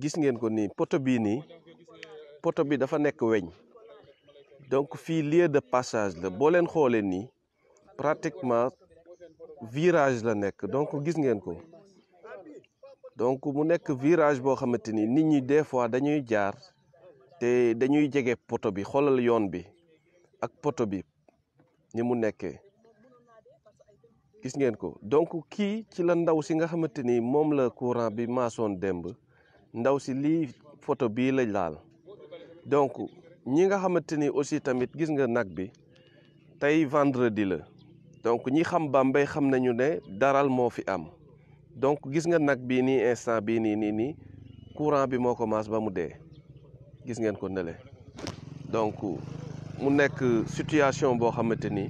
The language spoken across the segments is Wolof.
gis ngeen ko nii poto bii nii poto bi dafa nekk weñ donc fii lieu de passage la boo leen xoolee nii pratiquement virage la nekk donc gis ngeen ko donc mu nekk virage boo xamante ni nit ñi des fois dañuy jaar te dañuy jege poto bi xoolal yoon bi ak poto bi ni mu nekkee gis ngeen ko donc kii ci la ndaw si nga xamante ni moom la courant bi maasoon démb ndaw si lii photo bii la laal donc ñi nga xamante ni aussi tamit gis nga nag bi tey vendredi la donc ñi xam Bambey xam nañu ne daral moo fi am donc gis nga nag bii nii instant bii nii nii nii courant bi moo commencé ba mu dee gis ngeen ko nele donc mu nekk situation boo xamante ni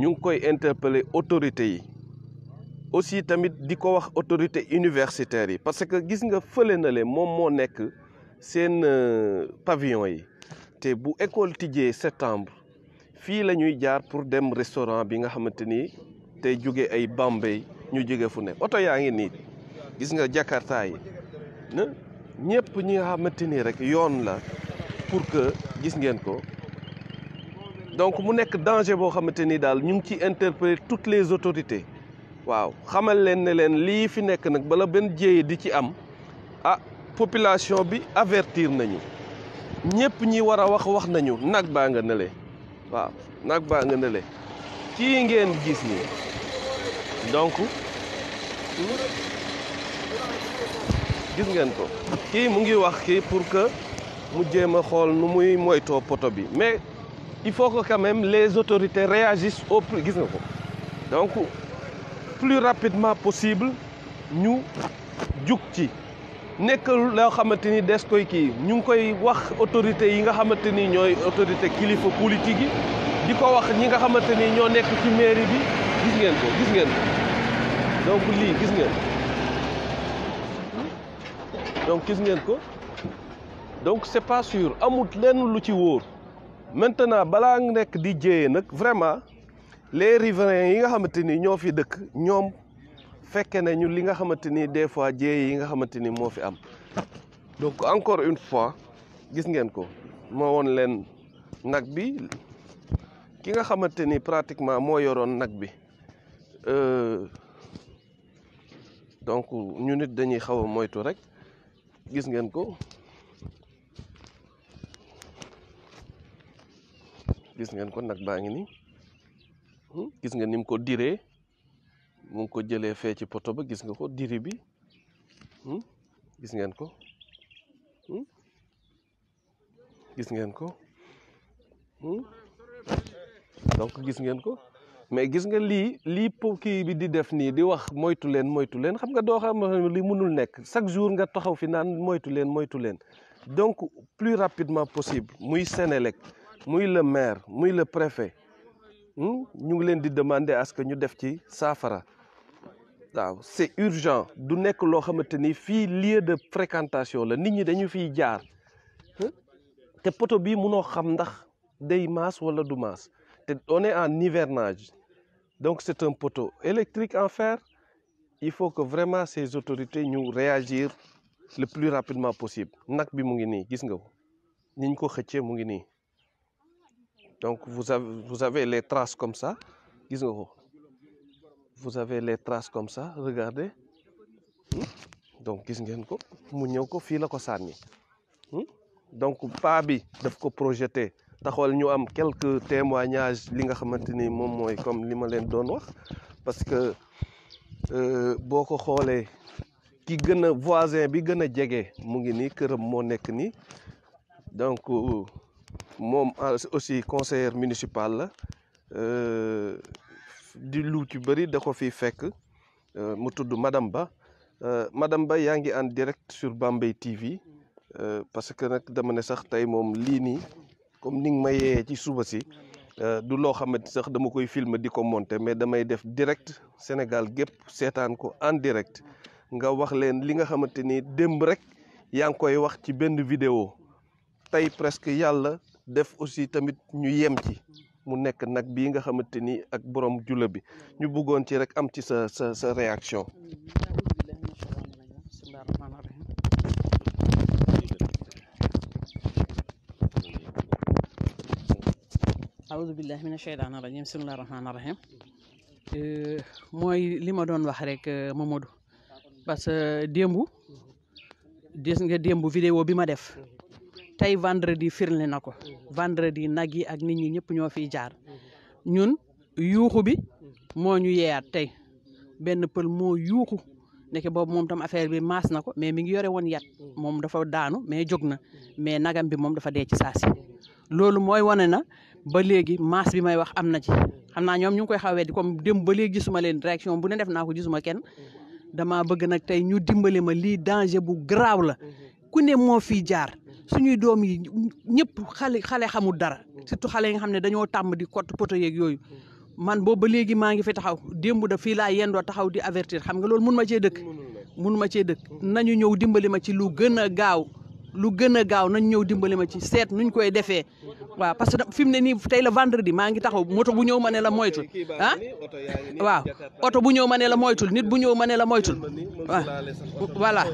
ñu ngi koy interpeller autorités yi aussi tamit di ko wax autorité universitaire yi parce que gis nga fële na moom moo nekk seen euh, pavillon yi te bu école tijjee septembre fii la ñuy jaar pour dem restaurant bi nga xamante ni tey jóge ay Bambey ñu jóge fu ne oto yaa ngi nii gis nga Jakarta yi na ñëpp ñi nga xamante ni rek yoon la pour que gis ngeen ko donc mu nekk danger boo xamante ni daal ñu ngi ci interpeller toutes les autorités waaw xamal leen ne leen lii fi nekk nag bala benn jéye di ci am ah population bi avertir nañu ñëpp ñi war a wax wax nañu nag baa nga nële waaw nag baa nga nële kii ngeen gis ni donc gis ngeen ko kii mu ngi wax kii pour que mu jéem a xool nu muy moytoo poto bi mais il faut que quand même les autorités réagissent au gis nga ko donc plus rapidement possible ñu jug ci nekk loo xamante ni des koy kii ñu ngi koy wax autorités yi nga xamante ni ñooy autorité kilifa politique yi di ko wax ñi nga xamante ni ñoo nekk ci mairie bi gis ngeen ko gis ngeen ko donc lii gis ngeen ko donc c'est pas sûr amul lenn lu ci wóor maintenant balaa nekk di jéyee nag vraiment les riverains yi nga xamante ni ñoo fi dëkk ñoom fekke ñu li nga xamante ni des fois jéey yi nga xamante ni moo fi am donc encore une fois gis ngeen ko moo woon leen nag bi ki nga xamante ni pratiquement moo yoroon nag bi euh, donc ñu nit dañuy xaw a moytu rek gis ngeen ko gis ngeen ko nag baa ngi nii gis nga ni ko diree mu ko jëlee fee ci poto ba gis nga ko diri bi hmm? gis ngeen ko hmm? gis ngeen ko hmm? donc gis ngeen ko mais gis nga lii lii kii bi di def nii di wax moytu leen moytu leen xam nga doo xam li mënul nekk chaque jour nga taxaw fi naan moytu leen moytu leen donc plus rapidement possible muy Sénélec muy le maire muy le préfet Hmm? ñu ngi leen di demander à que ñu def ci saafara waaw c'est urgent du nekk loo xamante ni fii lieu de fréquentation la nit ñi dañu fiy jaar hmm? te poto bii munoo xam ndax day maas wala du maas te on en hivernage donc c'est un poteau électrique en fer il faut que vraiment ces autorités ñu réagir le plus rapidement possible nag bi mu ngi nii gis nga ko niñ ko xëccee mu ngi nii donc vous avez vous avez les traces comme ça gis nga ko vous avez les traces comme ça regardez hmm? donc gis ngeen ko mu ñëw ko fii la ko sànni hmm? donc pas bi daf ko projeté taxawal ñu am quelques témoignages li nga xamante ni moom mooy comme li ma leen doon wax parce que euh, boo ko xoolee ki gën a voisin bi gën a jege mu ngi nii këram moo nekk nii donc. Euh, moom ah, aussi conseiller municipal la euh, di lu ci bëri da ko fi fekk euh, mu tudd madam Ba euh, madam Ba yaa ngi en direct sur Bambey TV parce que nag dama ne sax tey moom lii nii comme ni nga ma yee ci suba si du loo xamante sax dama koy filmer di ko monter mais damay def direct Sénégal gépp seetaan ko en direct nga wax leen li nga xamante ni démb rek yaa ngi koy wax ci benn vidéo tey presque yàlla. def aussi tamit ñu yem ci mu nekk nag bii nga xamante ni ak borom jula bi ñu buggoon ci rek am ci sa sa sa réaction aousubillah mina sheytaani rajim euh, mooy li ma doon wax rek euh, Mamadou parce que démb gis nga démb vidéo bi ma def tey vendredi firle na ko vendredi nag yi ak nit ñi ñëpp ñoo fiy jaar ñun yuuxu bi moo ñu yeeyaat tey benn pël moo yuuxu ndeke boobu moom tam affaire bi maas na ko mais mi ngi yore woon yat moom dafa daanu mais jog na mais nagam bi moom dafa dee ci saasi loolu mooy wane na ba léegi maas bi may wax am na ci xam naa ñoom ñu koy xawee di comme démb ba léegi gisuma leen direction bu ne def naa ko gisuma kenn damaa bëgg nag tey ñu dimbali ma lii danger bu grave la ku ne moo fii jaar suñuy doom yi ñëpp xale xale xamul dara mm. surtout xale yi nga xam ne dañoo tàmm di kott poto yeeg yooyu mm. man boobu ba léegi maa ngi fi taxaw démb da fii laa yendoo taxaw di avertir xam nga loolu mun ma cee dëkk mun ma cee dëkk mm. nañu ñëw dimbali ma ci lu gën a gaaw lu gën a gaaw nañ ñëw dimbali ma ci seet nuñ koy defee waaw parce que fi mu ne nii tey la vendredi maa ngi taxaw moto bu ñëw ma ne la moytul ah? waaw oto bu ñëw ma ne la moytul nit bu ñëw ma ne la moytul waaw